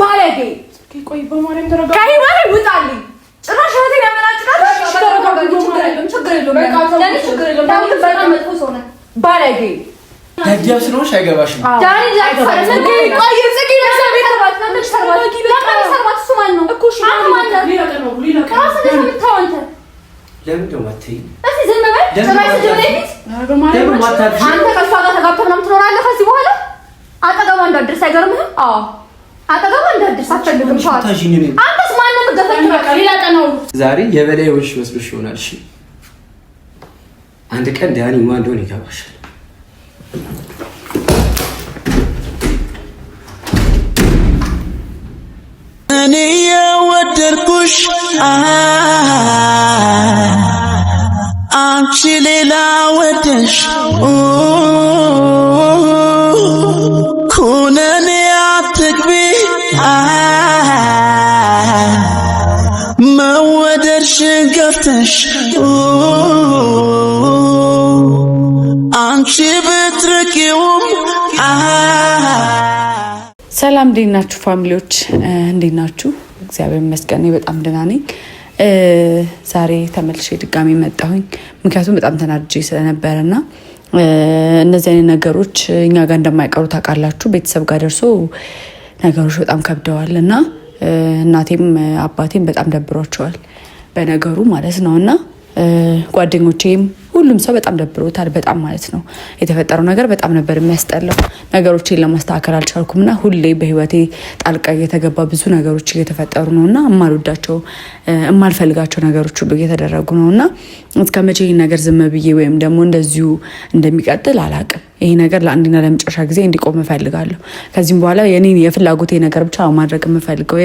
ባለጌ ቆይ፣ በማርያም ተረጋ። ከህይወቴ ውጣልኝ። ጭራሽ ህይወቴን ያመናጭቃል። ባለጌ ደደብ ስለሆንሽ አይገባሽ ነው። አንተ ከእሷ ጋር ተጋብተህ ምናምን ትኖራለህ። ከዚህ በኋላ አጠገቧ እንዳትደርስ አይገርምህም? አዎ ዛሬ የበላይ ወሽ መስሎሽ ይሆናል። እሺ አንድ ቀን ዳኒ ማን እንደሆነ ይገባሻል። እኔ የወደድኩሽ አንቺ ሌላ ወደሽ ኩነኔ መወደድ አንቺ ብትርቂውም ሰላም እንዴት ናችሁ? ፋሚሊዎች እንዴት ናችሁ? እግዚአብሔር ይመስገን በጣም ደህና ነኝ። ዛሬ ተመልሼ ድጋሚ መጣሁኝ፣ ምክንያቱም በጣም ተናድጄ ስለነበረ እና እነዚህ አይነት ነገሮች እኛ ጋር እንደማይቀሩ ታውቃላችሁ። ቤተሰብ ጋር ደርሶ ነገሮች በጣም ከብደዋል እና እናቴም አባቴም በጣም ደብሯቸዋል በነገሩ ማለት ነው እና ጓደኞቼም ሁሉም ሰው በጣም ደብሮታል። በጣም ማለት ነው የተፈጠረው ነገር በጣም ነበር የሚያስጠላው። ነገሮችን ለማስተካከል አልቻልኩም እና ሁሌ በህይወቴ ጣልቃ እየተገባ ብዙ ነገሮች እየተፈጠሩ ነው እና እማልወዳቸው እማልፈልጋቸው ነገሮች ሁሉ እየተደረጉ ነው እና እስከ መቼ ይህ ነገር ዝም ብዬ ወይም ደግሞ እንደዚሁ እንደሚቀጥል አላቅም። ይሄ ነገር ለአንድና ለመጨረሻ ጊዜ እንዲቆም እፈልጋለሁ። ከዚህም በኋላ የኔ የፍላጎቴ ነገር ብቻ ማድረግ የምፈልገው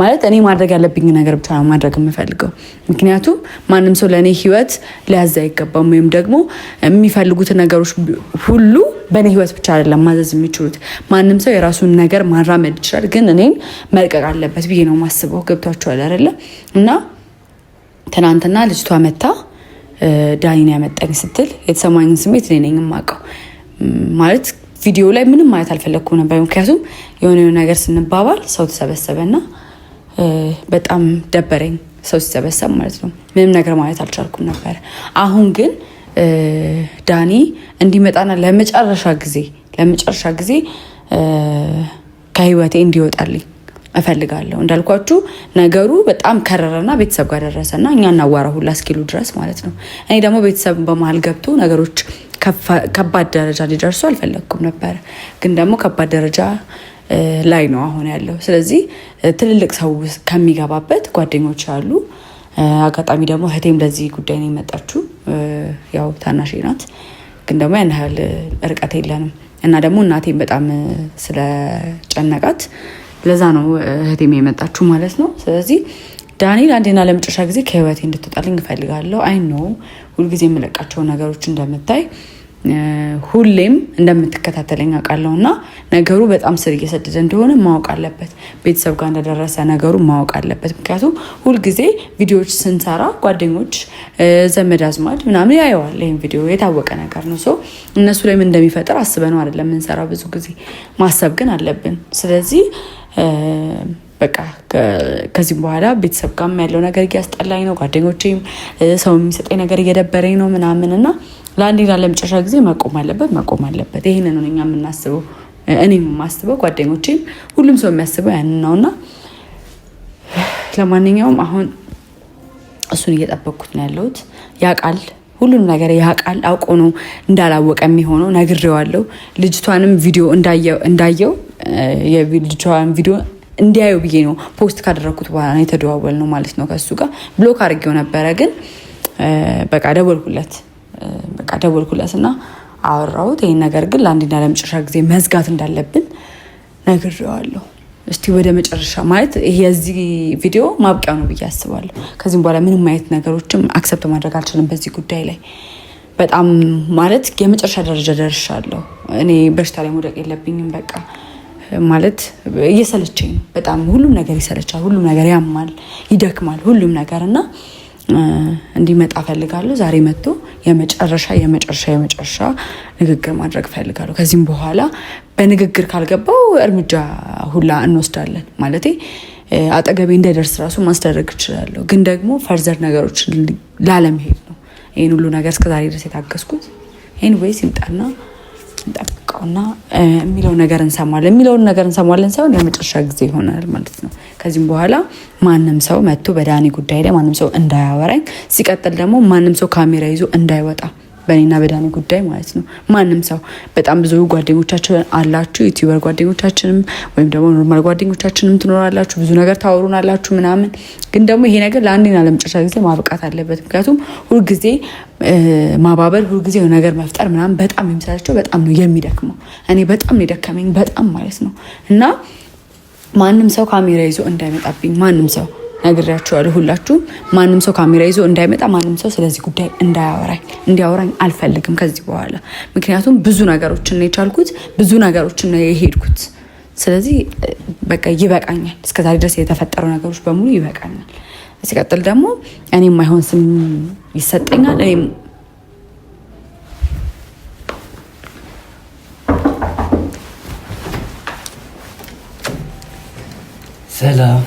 ማለት እኔ ማድረግ ያለብኝ ነገር ብቻ ማድረግ የምፈልገው ምክንያቱም ማንም ሰው ለእኔ ህይወት ሊያዝ አይገባም ወይም ደግሞ የሚፈልጉትን ነገሮች ሁሉ በእኔ ህይወት ብቻ አይደለም ማዘዝ የሚችሉት። ማንም ሰው የራሱን ነገር ማራመድ ይችላል፣ ግን እኔን መልቀቅ አለበት ብዬ ነው ማስበው። ገብቷቸዋል አይደለ? እና ትናንትና ልጅቷ መታ ዳኒን ያመጣኝ ስትል የተሰማኝን ስሜት እኔ ነኝ የማውቀው ማለት ቪዲዮ ላይ ምንም ማየት አልፈለግኩም ነበር። ምክንያቱም የሆነ ነገር ስንባባል ሰው ተሰበሰበና በጣም ደበረኝ። ሰው ሲሰበሰብ ማለት ነው። ምንም ነገር ማለት አልቻልኩም ነበር። አሁን ግን ዳኒ እንዲመጣና ለመጨረሻ ጊዜ ለመጨረሻ ጊዜ ከህይወቴ እንዲወጣልኝ እፈልጋለሁ። እንዳልኳችሁ ነገሩ በጣም ከረረና ቤተሰብ ጋር ደረሰና እኛ እናዋራ ሁላ እስኪሉ ድረስ ማለት ነው። እኔ ደግሞ ቤተሰብ በመሀል ገብቶ ነገሮች ከባድ ደረጃ እንዲደርሱ አልፈለግኩም ነበር። ግን ደግሞ ከባድ ደረጃ ላይ ነው አሁን ያለው። ስለዚህ ትልልቅ ሰው ከሚገባበት ጓደኞች አሉ። አጋጣሚ ደግሞ እህቴም ለዚህ ጉዳይ ነው የመጣችው። ያው ታናሽ ናት፣ ግን ደግሞ ያን ያህል እርቀት የለንም እና ደግሞ እናቴም በጣም ስለጨነቃት ለዛ ነው እህቴም የመጣችሁ ማለት ነው። ስለዚህ ዳንኤል አንዴና ለመጨረሻ ጊዜ ከህይወቴ እንድትወጣልኝ እፈልጋለሁ። አይ ነው ሁልጊዜ የምለቃቸውን ነገሮች እንደምታይ ሁሌም እንደምትከታተለኝ አውቃለሁ እና ነገሩ በጣም ስር እየሰደደ እንደሆነ ማወቅ አለበት። ቤተሰብ ጋር እንደደረሰ ነገሩ ማወቅ አለበት። ምክንያቱም ሁልጊዜ ቪዲዮዎች ስንሰራ ጓደኞች፣ ዘመድ አዝማድ ምናምን ያየዋል። ይህም ቪዲዮ የታወቀ ነገር ነው። ሰው እነሱ ላይም እንደሚፈጥር አስበነው አይደለም የምንሰራው። ብዙ ጊዜ ማሰብ ግን አለብን። ስለዚህ በቃ ከዚህም በኋላ ቤተሰብ ጋርም ያለው ነገር እያስጠላኝ ነው፣ ጓደኞቼም ሰው የሚሰጠኝ ነገር እየደበረኝ ነው ምናምን እና ለአንዴና ለመጨረሻ ጊዜ መቆም አለበት፣ መቆም አለበት። ነው እኛ የምናስበው እኔም የማስበው ጓደኞቼም፣ ሁሉም ሰው የሚያስበው ያንን ነውና ለማንኛውም አሁን እሱን እየጠበቅኩት ነው ያለሁት። ያውቃል፣ ሁሉም ነገር ያውቃል። አውቆ ነው እንዳላወቀ የሚሆነው። ነግሬዋለሁ። ልጅቷንም ቪዲዮ እንዳየው ልጅቷን ቪዲዮ እንዲያዩ ብዬ ነው ፖስት ካደረግኩት በኋላ ነው የተደዋወል ነው ማለት ነው ከሱ ጋር ብሎክ አድርጌው ነበረ ግን በቃ ደወልኩለት በቃ ደወልኩለትና አወራሁት። ይህን ነገር ግን ለአንድና ለመጨረሻ ጊዜ መዝጋት እንዳለብን ነግሬዋለሁ። እስቲ ወደ መጨረሻ ማለት የዚህ ቪዲዮ ማብቂያ ነው ብዬ አስባለሁ። ከዚህም በኋላ ምንም አይነት ነገሮችም አክሰፕት ማድረግ አልችልም በዚህ ጉዳይ ላይ በጣም ማለት የመጨረሻ ደረጃ ደርሻለሁ። እኔ በሽታ ላይ መውደቅ የለብኝም። በቃ ማለት እየሰለቸኝ ነው በጣም ሁሉም ነገር ይሰለቻል፣ ሁሉም ነገር ያማል፣ ይደክማል፣ ሁሉም ነገር እና እንዲመጣ ፈልጋለሁ። ዛሬ መጥቶ የመጨረሻ የመጨረሻ የመጨረሻ ንግግር ማድረግ ፈልጋለሁ። ከዚህም በኋላ በንግግር ካልገባው እርምጃ ሁላ እንወስዳለን። ማለቴ አጠገቤ እንዳይደርስ ራሱ ማስደረግ እችላለሁ። ግን ደግሞ ፈርዘር ነገሮች ላለመሄድ ነው ይህን ሁሉ ነገር እስከዛሬ ድረስ የታገስኩት። ኤኒዌይስ ይምጣና እንጠብቀውና የሚለው ነገር እንሰማለን የሚለውን ነገር እንሰማለን ሳይሆን ለመጨረሻ ጊዜ ይሆናል ማለት ነው። ከዚህም በኋላ ማንም ሰው መጥቶ በዳኒ ጉዳይ ላይ ማንም ሰው እንዳያወራኝ፣ ሲቀጥል ደግሞ ማንም ሰው ካሜራ ይዞ እንዳይወጣ በእኔና በዳኒ ጉዳይ ማለት ነው። ማንም ሰው በጣም ብዙ ጓደኞቻችን አላችሁ፣ ዩቲዩበር ጓደኞቻችንም ወይም ደግሞ ኖርማል ጓደኞቻችንም ትኖራላችሁ። ብዙ ነገር ታወሩናላችሁ ምናምን። ግን ደግሞ ይሄ ነገር ለአንዴና ለመጨረሻ ጊዜ ማብቃት አለበት። ምክንያቱም ሁልጊዜ ማባበል፣ ሁልጊዜ ነገር መፍጠር ምናምን በጣም የሚሰለቸው በጣም ነው የሚደክመው። እኔ በጣም ነው የደከመኝ በጣም ማለት ነው። እና ማንም ሰው ካሜራ ይዞ እንዳይመጣብኝ ማንም ሰው ነግሬያቸዋለሁ። ሁላችሁም ማንም ሰው ካሜራ ይዞ እንዳይመጣ፣ ማንም ሰው ስለዚህ ጉዳይ እንዳያወራኝ እንዲያወራኝ አልፈልግም ከዚህ በኋላ ምክንያቱም ብዙ ነገሮችን ነው የቻልኩት፣ ብዙ ነገሮችን ነው የሄድኩት። ስለዚህ በቃ ይበቃኛል። እስከዛሬ ድረስ የተፈጠሩ ነገሮች በሙሉ ይበቃኛል። ሲቀጥል ደግሞ እኔ የማይሆን ስም ይሰጠኛል። ሰላም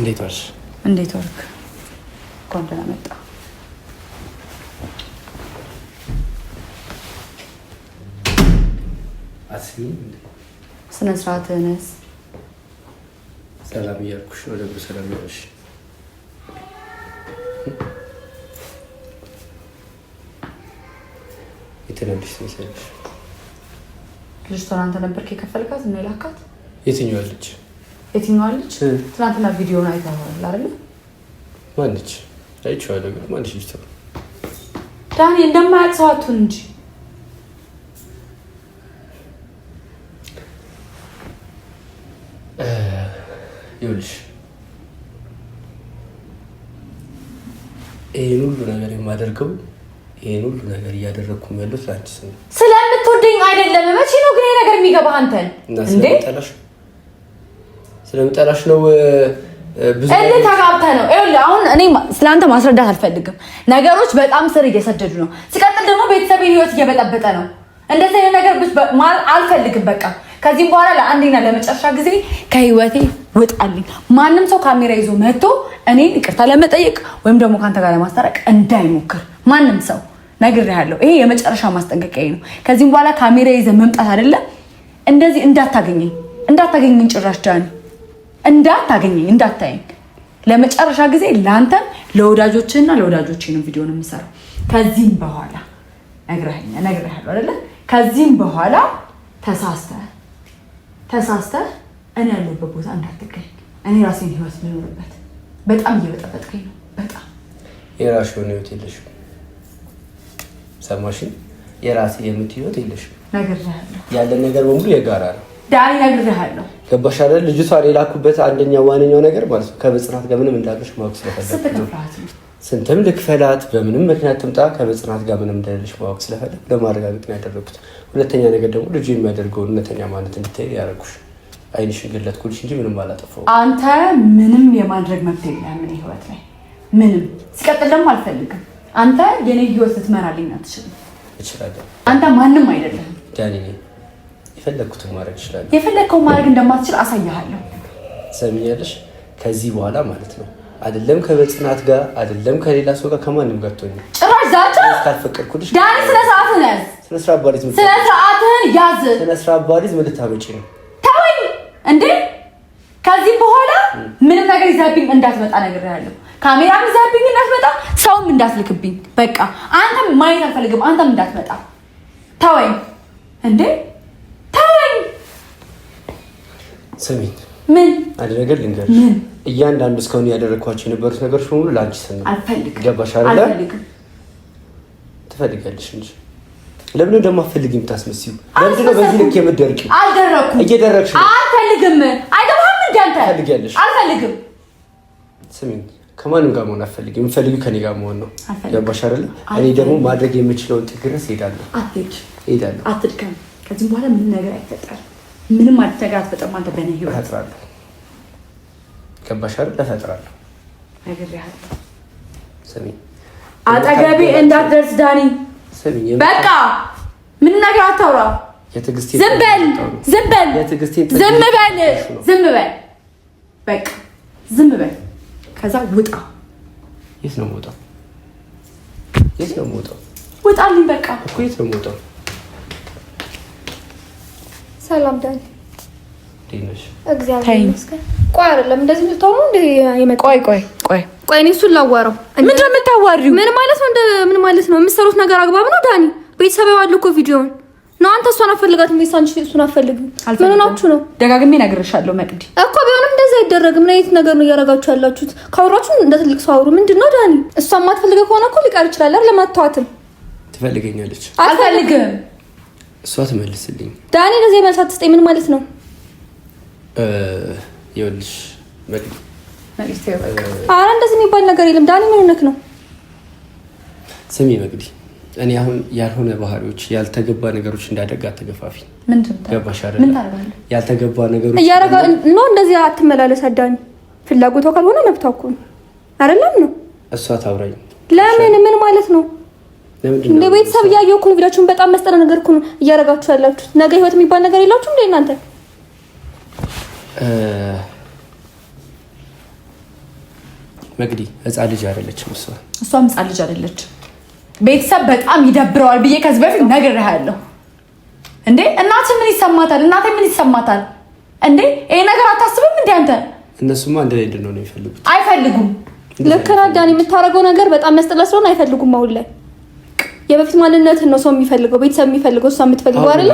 እንዴት ዋልሽ? እንዴት ዋልክ? እንኳን ደህና መጣ። ስነ ስርዓት ነስ ሰላም እያልኩሽ ወደ ሰላም እያልሽ የተለምድሽ ትመስያለሽ። ልጅቷን አንተ ነበርክ የከፈልካት እና የላካት? የትኛዋ ልጅ? የትኛዋ ልጅ? ትናንትና ቪዲዮን አይተኸዋል አይደለ? ማንች አይቼዋለሁ። ማንች ልጅ ዳኒ እንደማያውቅ ሰው አትሁን እንጂ ይኸውልሽ ይህን ሁሉ ነገር የማደርገው ይህን ሁሉ ነገር እያደረግኩም ያሉት ለአንቺ ስለምትወደኝ አይደለም። መቼ ነው ግን ነገር የሚገባህ አንተን እንዴ? ስለምጠላሽ ነው። እልህ ተጋብተህ ነው። ይኸውልህ አሁን እኔ ስለአንተ ማስረዳት አልፈልግም። ነገሮች በጣም ስር እየሰደዱ ነው። ሲቀጥል ደግሞ ቤተሰብ ህይወት እየበጠበጠ ነው። እንደዚህ አይነት ነገር አልፈልግም። በቃ ከዚህም በኋላ ለአንዴና ለመጨረሻ ጊዜ ከህይወቴ ውጣልኝ። ማንም ሰው ካሜራ ይዞ መጥቶ እኔን ይቅርታ ለመጠየቅ ወይም ደግሞ ከአንተ ጋር ለማስታረቅ እንዳይሞክር ማንም ሰው ነግሬሃለሁ። ይሄ የመጨረሻ ማስጠንቀቂያ ነው። ከዚህም በኋላ ካሜራ ይዘ መምጣት አይደለም እንደዚህ እንዳታገኘኝ እንዳታገኘኝ ጭራሽ ዳኔ እንዳታገኘኝ እንዳታየኝ ለመጨረሻ ጊዜ ለአንተም ለወዳጆችና ለወዳጆችንም ቪዲዮ ነው የምሰራው። ከዚህም በኋላ ነግረኸኝ ነግረሃለሁ አይደለ? ከዚህም በኋላ ተሳስተህ ተሳስተህ እኔ ያለሁበት ቦታ እንዳትገኝ። እኔ ራሴን ህይወት ምኖርበት በጣም እየበጠበጥከኝ ነው። በጣም የራስሽ የሆነ ህይወት የለሽም። ሰማሽን? የራሴ የምትይወት የለሽም። ነግሬሃለሁ። ያለን ነገር በሙሉ የጋራ ነው። ዳሪ ነግሬሃለሁ። ገባሽ አይደል? ልጅቷ የላኩበት አንደኛው ዋነኛው ነገር ማለት ነው ከበጽናት ጋር ምንም እንዳለሽ ማወቅ ስለፈለግኩ ስንትም ልክፈላት በምንም ምክንያት ትምጣ ከበጽናት ጋር ምንም እንዳለሽ ማወቅ ስለፈለግ ለማረጋገጥ ነው ያደረኩት። ሁለተኛ ነገር ደግሞ ልጁ የሚያደርገው እውነተኛ ማለት እንድታይ ያደረኩሽ ዓይንሽን ገለጥኩልሽ እንጂ ምንም አላጠፋሁም። አንተ ምንም የማድረግ መብት የለህም እኔ ህይወት ላይ ምንም። ሲቀጥል ደግሞ አልፈልግም። አንተ የኔ ህይወት ልትመራልኝ አትችልም። እችላለሁ። አንተ ማንም አይደለም ዳኒ የፈለግኩትን ማድረግ ይችላል። የፈለግከውን ማድረግ እንደማትችል አሳያለሁ። ሰሚኛለሽ? ከዚህ በኋላ ማለት ነው አይደለም ከበጽናት ጋር አይደለም ከሌላ ሰው ጋር ከማንም ጋር ትሆኝ ጭራሽ ዛቻ ካልፈቀድኩልሽ ዳኒ ስነ ስርዓት ነህ። ስነ ስርዓት ባሪዝ ስነ ስርዓትህን ያዝ። ስነ ስርዓት ባሪዝ ምን ልታመጪ ነው? ተወኝ እንዴ! ከዚህ በኋላ ምንም ነገር ይዛብኝ እንዳትመጣ ነግሬሃለሁ። ካሜራም ይዛብኝ እንዳትመጣ፣ ሰውም እንዳትልክብኝ። በቃ አንተም ማየት አልፈልግም። አንተም እንዳትመጣ ተወኝ እንዴ! ስሚኝ፣ ምን አንድ ነገር ልንገርሽ። እያንዳንዱ እስካሁን ያደረግኳቸው የነበሩት ነገሮች በሙሉ ለአንቺ ስል አልፈልግም። ገባሽ አይደለ? ትፈልጋለሽ እንጂ ለምን ደግሞ አትፈልጊ የምታስመስይው? ለምንድን ነው በዚህ ልክ የምትደርቂው? አልደረኩም። እየደረግሽ ነው። አልፈልግም። አይገባህም እንደ አንተ ትፈልጊያለሽ። አልፈልግም። ስሚኝ ከማንም ጋር መሆን አፈልግ የምፈልግ ከኔ ጋር መሆን ነው። ገባሽ አይደለ? እኔ ደግሞ ማድረግ የምችለውን ጥግ ድረስ እሄዳለሁ። እሄዳለሁ። አትድከም። ከዚህም በኋላ ምን ነገር አይፈጠርም። ምንም አልተጋት በጣም አንተ በእኔ ህይወት እፈጥራለሁ። ገባሽ አይደል? እፈጥራለሁ። ስሚ፣ አጠገቤ እንዳትደርስ ዳኒ። በቃ ምን ነገር አታውራ። ዝም በል፣ ዝም በል፣ ዝም በል፣ ዝም በል፣ በቃ ዝም በል። ከዛ ውጣ። የት ነው የምወጣው? የት ነው የምወጣው? ውጣልኝ። በቃ እኮ የት ነው የምወጣው? ሰላም ዳኒ፣ እግዚአብሔር ይመስገን። ቆይ አይደለም እንደዚህ ልታወሩ እንደ የመጣው ቆይ ቆይ ቆይ ቆይ፣ እኔ እሱን ላዋራው። ምንድን ነው የምታዋሪው? ምን ማለት ነው? ምን ማለት ነው? የምትሰሩት ነገር አግባብ ነው ዳኒ? ቤተሰብ ያዋል እኮ ቪዲዮውን ነው። አንተ እሷን አፈልጋት እንዴ? ሳንቺ እሱን አፈልግም። ምን ሆናችሁ ነው? ደጋግሜ እነግርሻለሁ መቅዲ እኮ ቢሆንም እንደዚህ አይደረግም። ምን አይነት ነገር ነው እያደረጋችሁ ያላችሁት? ካወራችሁ እንደ ትልቅ ሰው አውሩ። ምንድን ነው ዳኒ? እሷ የማትፈልገው ከሆነ እኮ ሊቀር ይችላል። ትፈልገኛለች። አልፈልግም እሷ ትመልስልኝ። ዳኒ ለዚህ መልስ አትስጠኝ። ምን ማለት ነው? ይኸውልሽ ኧረ እንደዚህ የሚባል ነገር የለም። ዳኒ ምን ሆነክ ነው? ስሚ መቅዲ፣ እኔ አሁን ያልሆነ ባህሪዎች፣ ያልተገባ ነገሮች እንዳደጋ ተገፋፊ ገባሽ? ያልተገባ ነገሮች እያረጋ ነው። እንደዚህ አትመላለስ ዳኒ። ፍላጎቷ ካልሆነ መብቷ እኮ ነው። አይደለም ነው እሷ ታውራኝ። ለምን ምን ማለት ነው? እንደ ቤተሰብ እያየሁ እኮ ነው ቪዲዮቹን። በጣም መስጠረ ነገር እኮ ነው እያደረጋችሁ ያላችሁ። ነገ ህይወት የሚባል ነገር የላችሁም እንደ እናንተ መግዲ ህፃን ልጅ አይደለችም። እሷ እሷም ህፃን ልጅ አይደለችም። ቤተሰብ በጣም ይደብረዋል ብዬ ከዚህ በፊት ነግሬሃለሁ። እንዴ እናት ምን ይሰማታል? እናቴ ምን ይሰማታል? እንዴ ይሄ ነገር አታስብም? እንዴ አንተ እነሱማ አንድ ላይ እንድንሆን ነው የሚፈልጉት። አይፈልጉም። ልክ ናት ዳኒ። የምታደርገው ነገር በጣም መስጠት ስለሆነ አይፈልጉም አሁን ላይ የበፊት ማንነትህን ነው ሰው የሚፈልገው፣ ቤተሰብ የሚፈልገው፣ እሷ የምትፈልገው አይደለ?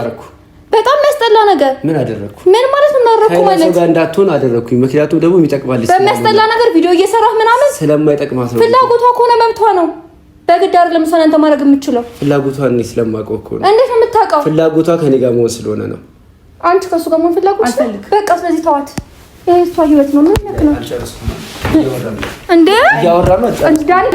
በጣም የሚያስጠላ ነገር። ምን አደረግኩ? ምን ማለት ነው? እናረኩ ማለት ነው እንዳትሆን አደረግኩኝ። ምክንያቱም ደግሞ የሚጠቅማል በሚያስጠላ ነገር ቪዲዮ እየሰራህ ምናምን ስለማይጠቅማት ነው። ፍላጎቷ ከሆነ መብቷ ነው። በግድ አይደለም እሷን አንተ ማድረግ የምችለው። ፍላጎቷ። እኔ ስለማውቀው እኮ ነው። እንዴት ነው የምታውቀው? ፍላጎቷ ከኔ ጋር መሆን ስለሆነ ነው። አንቺ ከእሱ ጋር መሆን ፍላጎት በቃ። ስለዚህ ተዋት። ይሄ ህይወት ነው። ምን ነክ ነው እንዴ? እያወራ ነው እንዳንድ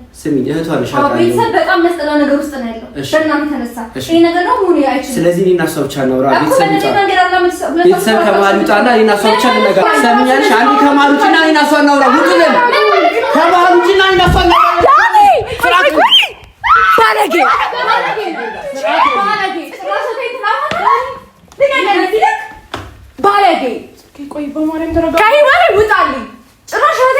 ስሚኝ እህቷ ነሽ። ቤተሰብ በጣም መስጠላ ነገር ውስጥ ነው ያለው በእናንተ ተነሳ። ይሄ ነገር ነው መሆኑ አይችልም። ስለዚህ እኔና እሷ ብቻ ነው ራ ቤተሰብ ቤተሰብ ከመሀል ይውጣና እኔና እሷ ብቻ ልነጋገር። ትሰሚኛለሽ? አንዴ ከመሀል ውጪና እኔና እሷ እናውራ። ውጡልን! ከመሀል ውጪና እኔና እሷ እናውራ። ባለጌ ባለጌ! ቆይ ከህይወቴ ውጣልኝ! ጭራሽ ህይወቴ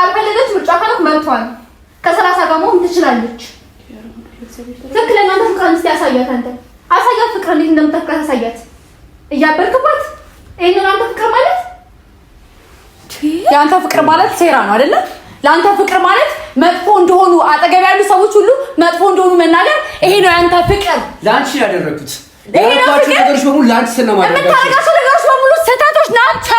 ካልፈለገች ምርጫ ካላት መብቷ ነው። ከሰላሳ ጋር መሆን ትችላለች። ትክክለኛ አንተ ፍቅር እስኪ ያሳያት አንተ አሳያት ፍቅር እንዴት እንደምታፍቅራት አሳያት። እያበርክባት ይሄንን አንተ ፍቅር ማለት የአንተ ፍቅር ማለት ሴራ ነው አይደለ? ለአንተ ፍቅር ማለት መጥፎ እንደሆኑ አጠገብ ያሉ ሰዎች ሁሉ መጥፎ እንደሆኑ መናገር፣ ይሄ ነው የአንተ ፍቅር። ለአንቺ ያደረኩት ይሄ ነው ፍቅር። ነገሮች በሙሉ ለአንቺ ስለማደረጋቸው የምታደርጋቸው ነገሮች በሙሉ ስህተቶች ናቸው።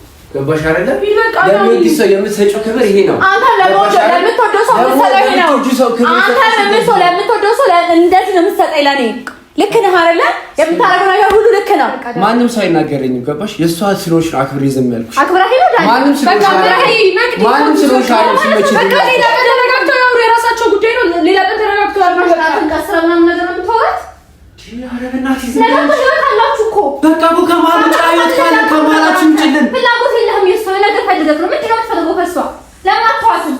ገባሽ አይደለ? የምትሰጪው ክብር ይሄ ነው። አንተ ለምትወደው ሰው ለምትወደው ሰው እንደዚህ ነው የምትሰጠኝ። ለኔ ልክ ነህ አይደለ? የምታረገው ነገር ሁሉ ልክ ነው። ማንም ሰው አይናገረኝም። ገባሽ? የእሷ ስለሆንሽ ነው አክብሬ ዝም ያልኩሽ። የራሳቸው ጉዳይ ነው። ሌላ ቀን ተረጋግተው ያልኩሽ የምትፈልግ ነው? ምንድን ነው የምትፈልገው ከእሷ? ለምን አትተዋትም?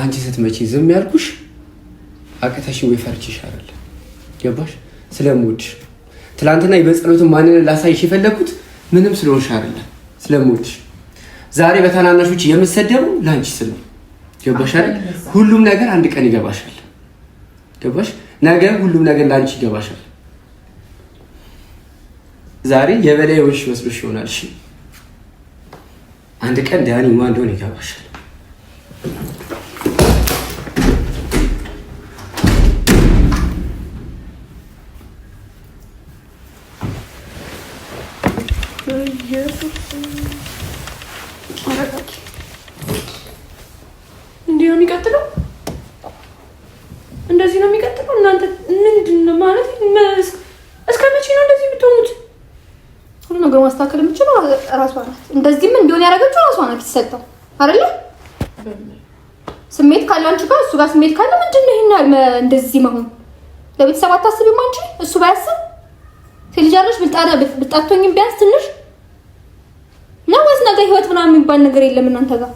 አንቺ ስትመጪ ዝም ያልኩሽ አቅተሽ ወይ ፈርችሽ አይደል? ገባሽ? ስለምወድሽ ትናንትና የበጸሎትን ማንን ላሳይሽ የፈለኩት ምንም ስለሆንሽ አይደለም፣ ስለምወድሽ ዛሬ በታናናሾች የምትሰደቡ ለአንቺ ስል ነው። ገባሽ ሁሉም ነገር አንድ ቀን ይገባሻል። ገባሽ? ነገ ሁሉም ነገር ለአንቺ ይገባሻል። ዛሬ የበላይ ወሽ መስሎሽ ይሆናል። እሺ፣ አንድ ቀን ዳኒ ማን እንደሆነ ይገባሻል። እንደዚህ ነው የሚቀጥለው? እናንተ ምንድን ነው ማለት እስከ መቼ ነው እንደዚህ የምትሆኑት? ሁሉ ነገር ማስተካከል የምችለው ራሷ ናት። እንደዚህም እንዲሆን ያደረገችው ራሷ ናት። ይሰጠው አይደለ? ስሜት ካለ አንቺ ጋር እሱ ጋር ስሜት ካለ ምንድን ነው ይሄን ያህል እንደዚህ መሆን? ለቤተሰብ አታስቢም አንቺ? እሱ ባያስብ ትልጃለሽ። ብጣቶኝም ቢያንስ ትንሽ ነው ወይስ ነገ ህይወት ምናምን የሚባል ነገር የለም እናንተ ጋር?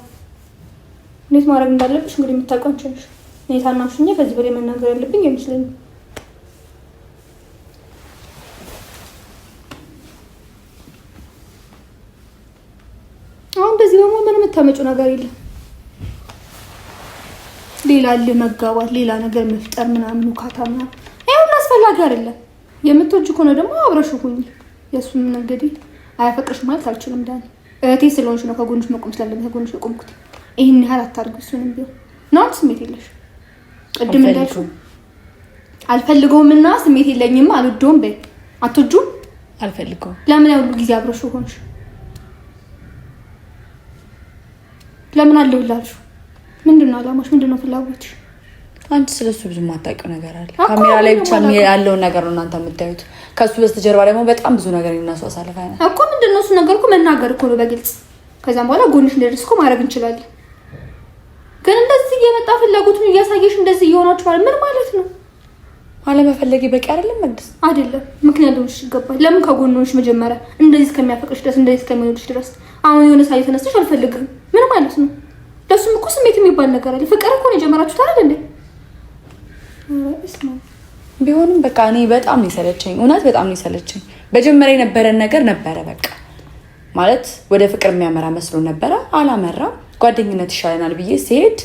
እንዴት ማድረግ እንዳለብሽ እንግዲህ የምታውቀው አንቺ ነሽ። እኔ ታናሽ ከዚህ በላይ መናገር ያለብኝ አይመስለኝም። አሁን በዚህ ደግሞ ምን የምታመጩ ነገር የለም። ሌላ መጋባት፣ ሌላ ነገር መፍጠር ምናምን ውካታ ምናምን ይሁን አስፈላጊ አይደለም። የምትወጂ ከሆነ ደግሞ አብረሽ ሁኚ። የእሱም እንግዲህ አያፈቅርሽ ማለት አልችልም። ዳኒ እህቴ ስለሆንሽ ነው ከጎንሽ መቆም ስላለብኝ ከጎንሽ የቆምኩት። ይህን ያህል አታርጊ። እሱንም ቢሆን ናሁን ስሜት የለሽ ቅድም እንዳልኩ አልፈልገውም እና ስሜት የለኝም አልወደውም በይ አትወጂውም አልፈልገውም ለምን ያሁሉ ጊዜ አብረሽው ሆንሽ ለምን አለሁላችሁ ምንድን ነው አላማሽ ምንድን ነው ፍላጎትሽ አንቺ ስለሱ ብዙ የማታውቂው ነገር አለ። ካሜራ ላይ ብቻ ያለውን ነገር ነው እናንተ የምታዩት። ከሱ በስተጀርባ ደግሞ በጣም ብዙ ነገር እናስዋሳለፈ እኮ ምንድነው እሱ ነገር እኮ መናገር እኮ ነው በግልጽ። ከዛም በኋላ ጎንሽ እንደደረስኩ ማድረግ እንችላለን። ግን እንደዚህ እየመጣ ፍላጎቱን እያሳየሽ እንደዚህ እየሆናችሁ ማለት ምን ማለት ነው? አለመፈለጌ በቂ አይደለም መቅደስ፣ አይደለም ምክንያቱም እሺ፣ ይገባል። ለምን ከጎን ከጎንሽ መጀመሪያ እንደዚህ እስከሚያፈቅሽ ድረስ እንደዚህ እስከሚወድሽ ድረስ አሁን የሆነ ሳይ ተነስተሽ አልፈልግም ምን ማለት ነው? ለሱም እኮ ስሜት የሚባል ነገር አለ። ፍቅር እኮ ነው የጀመራችሁ ታዲያ እንዴ? ቢሆንም በቃ እኔ በጣም ነው የሰለቸኝ፣ እውነት በጣም ነው የሰለቸኝ። መጀመሪያ የነበረን ነገር ነበረ በቃ ማለት ወደ ፍቅር የሚያመራ መስሎ ነበረ፣ አላመራም ጓደኝነት ይሻለናል ብዬ ሲሄድ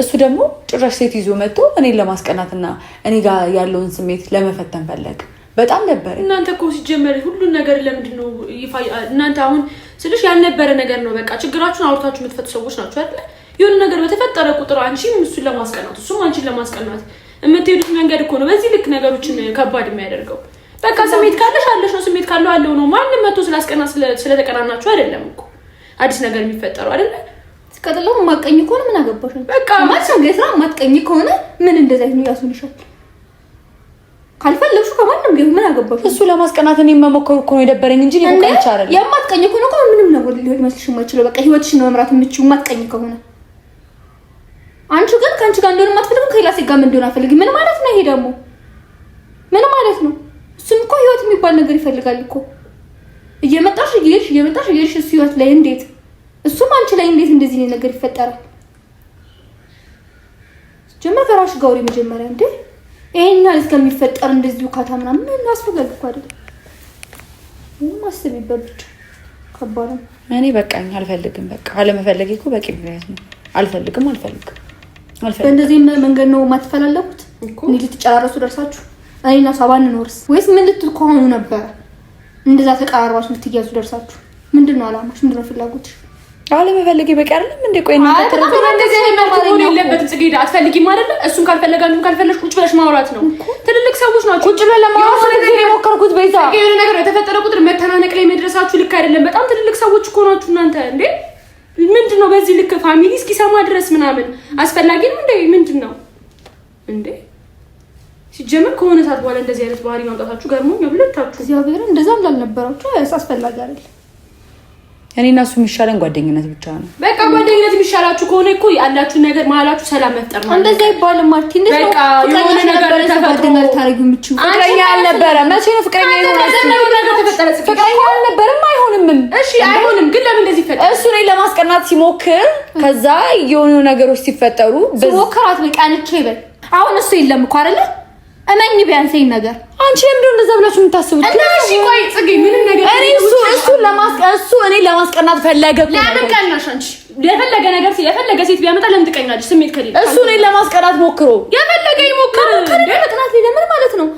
እሱ ደግሞ ጭራሽ ሴት ይዞ መጥቶ እኔን ለማስቀናትና እኔ ጋር ያለውን ስሜት ለመፈተን ፈለግ። በጣም ነበረ። እናንተ እኮ ሲጀመር ሁሉን ነገር ለምንድን ነው ይፋ እናንተ አሁን ስልሽ ያልነበረ ነገር ነው። በቃ ችግራችሁን አውርታችሁ የምትፈቱ ሰዎች ናቸው አይደለ? የሆነ ነገር በተፈጠረ ቁጥር አንቺም እሱን ለማስቀናት እሱም አንቺን ለማስቀናት የምትሄዱት መንገድ እኮ ነው በዚህ ልክ ነገሮችን ከባድ የሚያደርገው። በቃ ስሜት ካለሽ አለሽ ነው፣ ስሜት ካለው አለው ነው። ማንም መቶ ስላስቀና ስለተቀናናችሁ አይደለም እኮ አዲስ ነገር የሚፈጠረው አይደለም ስቀጥለው ማቀኝ የማትቀኝ ከሆነ ምን አገባሽ? በቃ ማለት ነው ስራ የማትቀኝ ከሆነ ምን እንደዛ ይሁን ያሱንሻል። ካልፈለግሽው ከማንም ቢሆን ምን አገባሽ? እሱ ለማስቀናት እኔ መሞከሩ እኮ ነው የደበረኝ እንጂ ይሁን ይቻላል። የማትቀኝ ከሆነ እኮ ምንም ነው ሊሆን ይመስልሽ የማይችለው በቃ ህይወትሽን ነው መምራት የምችው የማትቀኝ ከሆነ። አንቺ ግን ከአንቺ ጋር እንደሆነ የማትፈልጊው ከሌላ ሴት ጋር እንደሆነ አፈልግ ምን ማለት ነው ይሄ ደግሞ ምን ማለት ነው? እሱም እኮ ህይወት የሚባል ነገር ይፈልጋል እኮ እየመጣሽ እየሄድሽ እየመጣሽ እየሄድሽ እሱ ህይወት ላይ እንዴት እሱም አንቺ ላይ እንዴት እንደዚህ ነው ነገር ይፈጠራል? ጀመር ከራሽ ጋር ወሬ መጀመሪያ እንዴ ይሄኛ ያህል እስከሚፈጠር እንደዚሁ ካታ ምናምን ምን አስፈላጊ እኮ አይደል? ምንም አስቢበት ብቻ ከባድ ነው። እኔ በቃኝ አልፈልግም። በቃ አለመፈለጌ እኮ በቂ ምክንያት ነው። አልፈልግም አልፈልግም አልፈልግም። በእንደዚህ መንገድ ነው የማትፈላለጉት? እኔ ልትጨራረሱ ደርሳችሁ እኔና እሷ ባንኖርስ ወይስ ምን ልትል ከሆኑ ነበር እንደዛ ተቀራርባችሁ ልትያዙ ደርሳችሁ? ምንድን ነው አላማሽ? ምንድን ነው ፍላጎትሽ? አለመፈለግ ይበቃል። እንደ ቆይ የለበትም ጽጌ አትፈልጊም አይደለ? እሱን ካልፈለገ አንዱም ካልፈለግሽ ቁጭ ብለሽ ማውራት ነው። ትልልቅ ሰዎች ናቸው። ቁጭ ብለን ለማውራት ነው የሞከርኩት። ቤዛ የሆነ ነገር የተፈጠረ ቁጥር መተናነቅ ላይ መድረሳችሁ ልክ አይደለም። በጣም ትልልቅ ሰዎች እኮ ናችሁ እናንተ። እንዴ ምንድን ነው በዚህ ልክ ፋሚሊ እስኪሰማ ድረስ ምናምን አስፈላጊ ነው እንዴ? ምንድን ነው እንዴ? ሲጀመር ከሆነ ሰዓት በኋላ እንደዚህ አይነት ባህሪ ማምጣታችሁ ገርሞኛል ሁለታችሁ። እግዚአብሔር እንደዛ እንዳልነበራችሁ አስፈላጊ አይደለም። እኔ እና እሱ የሚሻለን ጓደኝነት ብቻ ነው። በቃ ጓደኝነት የሚሻላችሁ ከሆነ እኮ ያላችሁ ነገር መሀላችሁ ሰላም መፍጠር ነው። እንደዛ ይባል ማርቲ፣ እንደዛ የሆነ ነገር ፍቅረኛ አልነበረ መቼ ነው ፍቅረኛ ፍቅረኛ አልነበረም። አይሆንምም። እሺ አይሆንም፣ ግን ለምን እንደዚህ ይፈጠር? እሱ እኔን ለማስቀናት ሲሞክር ከዛ የሆኑ ነገሮች ሲፈጠሩ ሲሞክራት በቃ ነች ይበል። አሁን እሱ የለም እኮ አይደለ እመኝ ቢያንስ ይሄን ነገር አንቺ ለምን እንደዛ ብላችሁ የምታስቡት? እና እሺ ቆይ ጽጌ ምንም ነገር እኔ እሱ እሱ እሱ እኔ ለማስቀናት ፈለገ እኮ ለምን ቀናሽ አንቺ? የፈለገ ነገር የፈለገ ሴት ቢያመጣ ለምን ትቀኛለሽ? ስሜት ከሌለ እሱ እኔ ለማስቀናት ሞክሮ የፈለገ ይሞክር ለመቅናት ሌላ ምን ማለት ነው?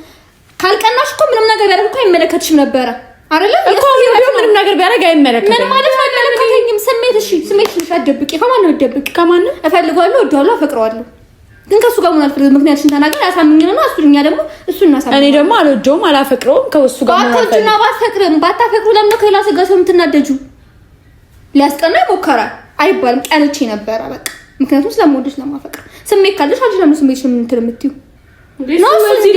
ካልቀናሽ እኮ ምንም ነገር ያደርግ እኮ አይመለከትሽም ነበረ አይደለ? እኮ ይሄ ምንም ነገር ቢያደርግ አይመለከትም። ምን ማለት ነው? አይመለከተኝም ስሜት እሺ፣ ስሜት ልሽ አትደብቂ። ከማን ነው ደብቂ? ከማን ነው እፈልገዋለሁ፣ እወደዋለሁ፣ አፈቅረዋለሁ ግን ከእሱ ጋር መሆን አልፈልግም። ምክንያቱም ተናገር ያሳምኝን እና እሱ እኛ ደግሞ እሱ እናሳምን እኔ ደግሞ አልወደውም፣ አላፈቅረውም። ከእሱ ጋር መሆን አልፈልግም። ባትፈቅርም ባታፈቅሩ ለምን ከሌላ ስጋ ሰው የምትናደጁ? ሊያስቀና ይሞከራል አይባልም። ቀንቼ ነበረ በቃ ምክንያቱም ስለምወደው ስለማፈቅር ስሜት ካለሽ አንቺ ለምን ስሜት የምንትል የምትዩ እሱ በዚህ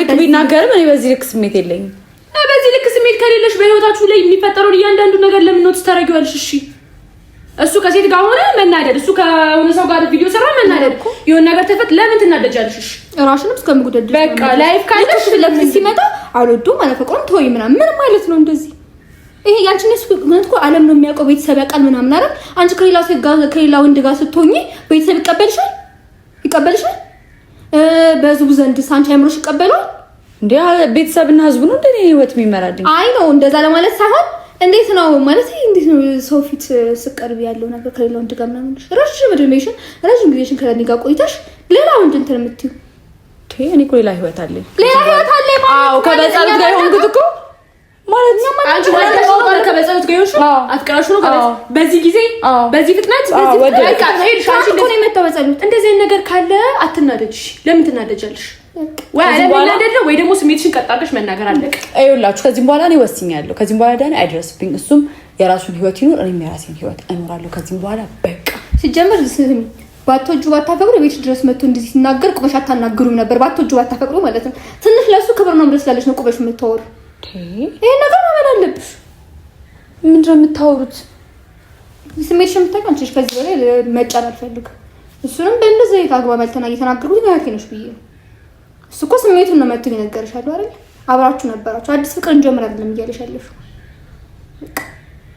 ልክ ቢናገርም እኔ በዚህ ልክ ስሜት የለኝም። በዚህ ልክ ስሜት ከሌለሽ በህይወታችሁ ላይ የሚፈጠረውን እያንዳንዱ ነገር ለምን ነው ትተረጊዋለሽ? እሺ እሱ ከሴት ጋር ሆነ መናደድ፣ እሱ ከሆነ ሰው ጋር ቪዲዮ ሰራ መናደድ፣ የሆነ ነገር ተፈት ለምን ትናደጃለሽ? ራሽንም እስከምጉደድ በቃ ላይፍ ካለሽ ለምን ሲመጣ አልወደውም አላፈቅረውም ተወይ ምናምን ምን ማለት ነው እንደዚህ ይሄ ያንቺ ያንቺን እሱ እኮ ዓለም ነው የሚያውቀው። ቤተሰብ ያውቃል ምናምን አይደል? አንቺ ከሌላ ሰው ጋር ከሌላ ወንድ ጋር ስትሆኚ ቤተሰብ ይቀበልሻል ይቀበልሻል በህዝቡ ዘንድ ሳንቺ አይምሮሽ ይቀበላል እንዴ? ቤተሰብና ህዝቡ ነው እንደ ህይወት የሚመራልኝ። አይ ነው እንደዛ ለማለት ሳይሆን እንዴት ነው ማለት እንዴት ነው ሰው ፊት ስቀርብ ያለው ነገር ከሌላ ወንድ ጋር ምናምን ረዥም እድሜሽን ረዥም ጊዜሽን ከእኔ ጋር ቆይተሽ ሌላ ወንድ እንትን የምትይው እኔ እኮ ሌላ ህይወት አለኝ ሌላ ህይወት አለኝ ማለት ከበጻሉት ጋር የሆንኩት እኮ ማለት በዚህ ጊዜ በዚህ ፍጥነት እንደዚህ አይነት ነገር ካለ አትናደጅ። ለምን ትናደጃለሽ? ወይ አለመናደድ ደግሞ ስሜትሽን ቀጥ መናገር አለቅ። ይኸውላችሁ ከዚህም በኋላ እኔ ወስኛለሁ። ከዚህም በኋላ ዳኒ አይደረስብኝ። እሱም የራሱን ህይወት ይኖር፣ እኔም የራሴን ህይወት እኖራለሁ። ከዚህም በኋላ በቃ ሲጀምር ባቶጁ ባታፈቅሩ ቤት ድረስ መጥቶ እንደዚህ ሲናገር ቁመሽ አታናግሩም ነበር። ባቶጁ ባታፈቅሩ ማለት ነው። ትንሽ ለእሱ ክብር ነው ድረስ ነው ቁመሽ የምታወሩ ይህን ነገር ማመን አለብሽ። ምንድን ነው የምታወሩት? ስሜት የምታውቂው አንቺ ነሽ። ከዚህ በላይ መጫን አልፈልግም። እሱንም በእንደዚህ አይነት አግባብ አልተና እየተናገርኩት ናያቴ ነሽ ብዬ ነው። እሱ እኮ ስሜቱን ነው መቶ የነገርሻለሁ አይደል? አብራችሁ ነበራችሁ። አዲስ ፍቅር እንጀምር አይደለም እያለሽ ያለሽው።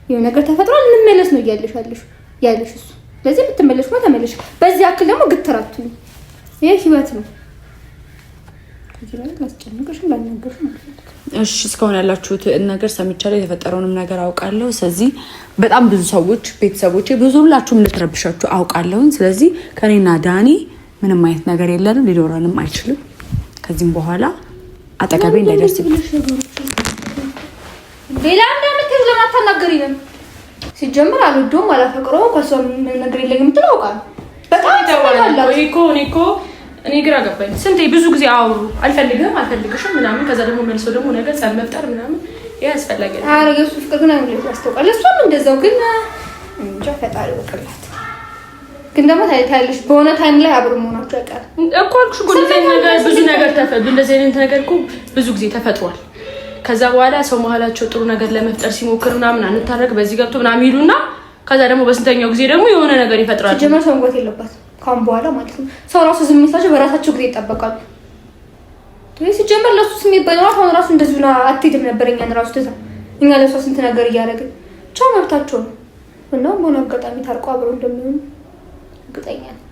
የሆነ ነገር ተፈጥሯል እንመለስ ነው እያለሽ ያለሽው ያለሽ እሱ። ስለዚህ የምትመለሽ ተመለሽ። በዚህ አክል ደግሞ ግትራቱኝ። ይህ ህይወት ነው። እሺ እስካሁን ያላችሁት ነገር ሰምቻለሁ፣ የተፈጠረውንም ነገር አውቃለሁ። ስለዚህ በጣም ብዙ ሰዎች ቤተሰቦች ብዙ ሁላችሁ እንደተረብሻችሁ አውቃለሁኝ። ስለዚህ ከኔና ዳኒ ምንም አይነት ነገር የለንም፣ ሊኖረንም አይችልም። ከዚህም በኋላ አጠገቤ እንዳይደርስ ሌላ እንዳምትዝ ለማታናገር ይለም ሲጀምር አልወደውም፣ አላፈቅረውም፣ ከሷ ምን ነገር የለኝም የምትለው አውቃለሁ በጣም እኔ ግራ ገባኝ። ስንቴ ብዙ ጊዜ አውሩ አልፈልግህም፣ አልፈልግሽም ምናምን ከዛ ደግሞ መልሶ ደግሞ ነገር ጸብ መፍጠር ምናምን ይህ ያስፈላጊ ነው። ኧረ ፍቅር ግን አሁን ያስታውቃል። እሷም እንደዛው ግን እንጃ ፈጣሪ ወቅላት። ግን ደግሞ ታይታለሽ በሆነ ታይም ላይ አብሮ መሆናቸው አይቀርም እኮ አልኩሽ እኮ ነገር ብዙ ነገር ተፈ እንደዚህ አይነት ነገር እኮ ብዙ ጊዜ ተፈጥሯል። ከዛ በኋላ ሰው መሀላቸው ጥሩ ነገር ለመፍጠር ሲሞክር ምናምን አንታረቅ በዚህ ገብቶ ምናምን ይሉና ከዛ ደግሞ በስንተኛው ጊዜ ደግሞ የሆነ ነገር ይፈጥራል። ጀመር ሰንጎት የለባት ከአሁን በኋላ ማለት ነው። ሰው ራሱ ዝም ይላቸው በራሳቸው ጊዜ ይጠበቃሉ። ሲጀመር ለሱ ስሜት ባይኖራት አሁን ራሱ እንደዚህ ነው። አትሄድም ነበር። እኛን ራሱ ትዛ እኛ ለሷ ስንት ነገር እያደረግን ብቻ መብታቸው ነው እና በሆነ አጋጣሚ ታርቆ አብረው እንደሚሆኑ እርግጠኛ ነው።